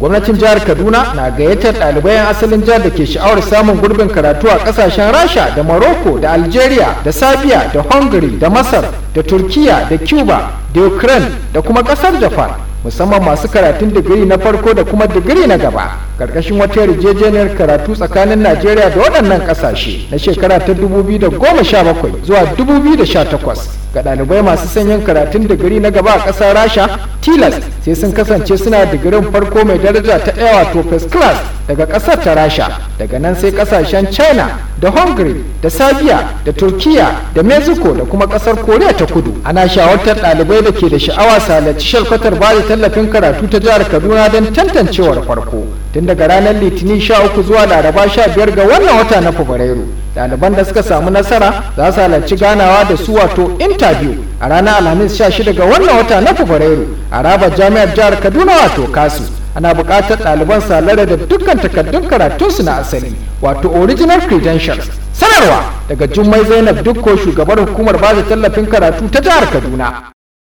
gwamnatin jihar kaduna na gayyatar ɗalibai asalin jihar da ke sha'awar samun gurbin karatu a ƙasashen rasha da morocco da algeria da sabiya da hungary da masar da turkiya da cuba da ukraine da kuma ƙasar japan musamman masu karatun digiri na farko da kuma digiri na gaba karkashin wata yarjejeniyar karatu tsakanin najeriya da waɗannan ƙasashe na shekara ta dubu biyu da goma sha bakwai zuwa dubu biyu da sha takwas ga ɗalibai masu sanyin karatun digiri na gaba a ƙasar rasha tilas sai sun kasance suna digirin farko mai daraja ta ɗaya wato first class daga ƙasar ta rasha daga nan sai ƙasashen china da hungary da serbia da turkiya da mexico da kuma kasar korea ta kudu ana shawartar ɗalibai da ke da sha'awa salaci shalkwatar ba da tallafin karatu ta jihar kaduna don tantancewar farko tun daga ranar litinin sha uku zuwa laraba sha biyar ga wannan wata na fabrairu ɗaliban da suka samu nasara za su halarci ganawa da su wato interview a ranar alhamis sha shida ga wannan wata na fabrairu a rabar jami'ar jihar kaduna wato kasu ana buƙatar ɗaliban sa lara da dukkan takardun karatunsu na asali wato original credentials sanarwa daga jummai zainab dukko shugabar hukumar bada tallafin karatu ta jihar kaduna